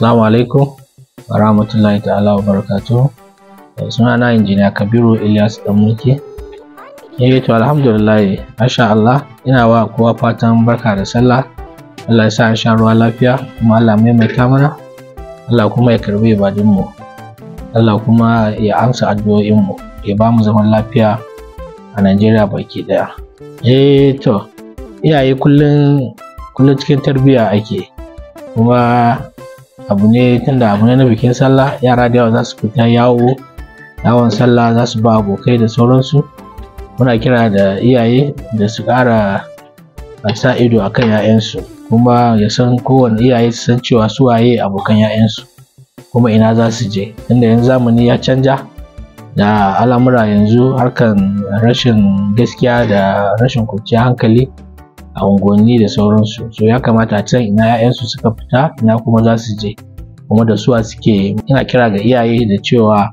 Assalamu alaikum wa rahmatullahi ta'ala wa barakatuh eh, Suna na injiniya Kabiru Ilyas Dan mulki Eh to alhamdulillah masha Allah ina wa kowa fatan barka da sallah. Allah ya sa in sha ruwa lafiya kuma Allah maimaita mana. Allah kuma ya karbi ibadun mu. Allah kuma ya amsa addu'o'in mu. Ya ba mu zaman lafiya a Najeriya baki daya. Eh to iyaye kullun kullum cikin tarbiyya ake kuma abu ne tunda abu ne na bikin sallah yara da yawa za su fita yawo yawon sallah za su ba abokai da sauransu muna kira da iyaye da su ƙara sa ido a kan 'ya'yansu kuma ya san kowane iyaye su san cewa su waye abokan 'ya'yansu kuma ina za su je tunda yanzu zamani ya canja da al'amura yanzu harkan rashin gaskiya da rashin kwanciyar hankali a unguwanni da sauransu so ya kamata a can ina 'ya'yansu suka fita ina kuma za su je kuma da suwa suke ina kira ga iyaye da cewa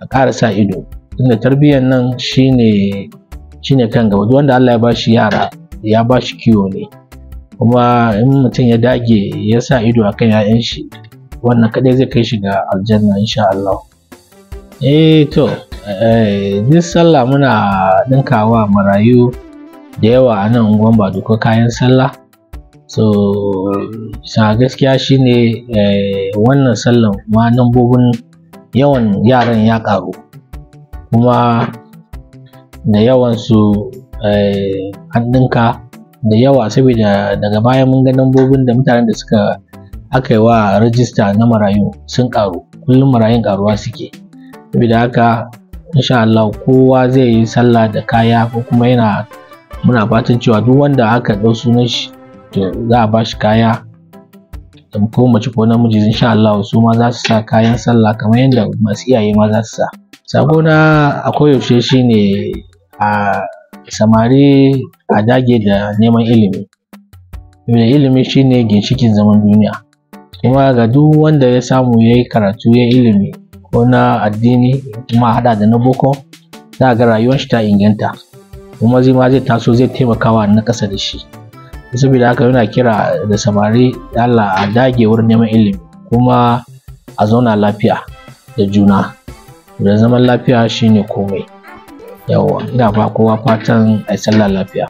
a ƙara sa ido tunda tarbiyyar nan shine shine kan gaba duk wanda Allah ya bashi yara ya bashi kiwo ne kuma in mutum ya dage ya sa ido akan 'ya'yan shi wannan kaɗai zai kai shi ga aljanna insha Allah eh to this eh, sallah muna ɗinkawa marayu da yawa a nan unguwan ba duka kayan sallah so sa gaskiya shine eh, wannan sallan ma nambobin yawan yaran ya karu kuma da yawansu eh, an hannunka da yawa saboda daga baya mun ga nambobin da mutanen da suka aka yi wa rajista na marayu sun karu kullum marayun karuwa suke saboda haka insha Allah kowa zai yi sallah da kaya ko kuma yana muna fatan cewa duk wanda aka ɗau sunan shi to za a bashi kaya ko mace ko namiji insha Allah su ma za su sa kayan sallah kamar yadda masu iyaye ma za su sa sako na a koyaushe ne a samari a dage da neman ilimi da ilimi shi shine ginshikin zaman duniya kuma ga duk wanda ya samu ya yi karatu ya ilimi ko na addini kuma hada da na boko za ga rayuwar shi ta inganta kuma zai ma zai taso zai taimakawa na ƙasa da shi saboda haka yana kira da samari Allah a dage wurin neman ilimi kuma a zauna lafiya da juna da zaman lafiya shine komai yawa ina ba kowa fatan a sallah lafiya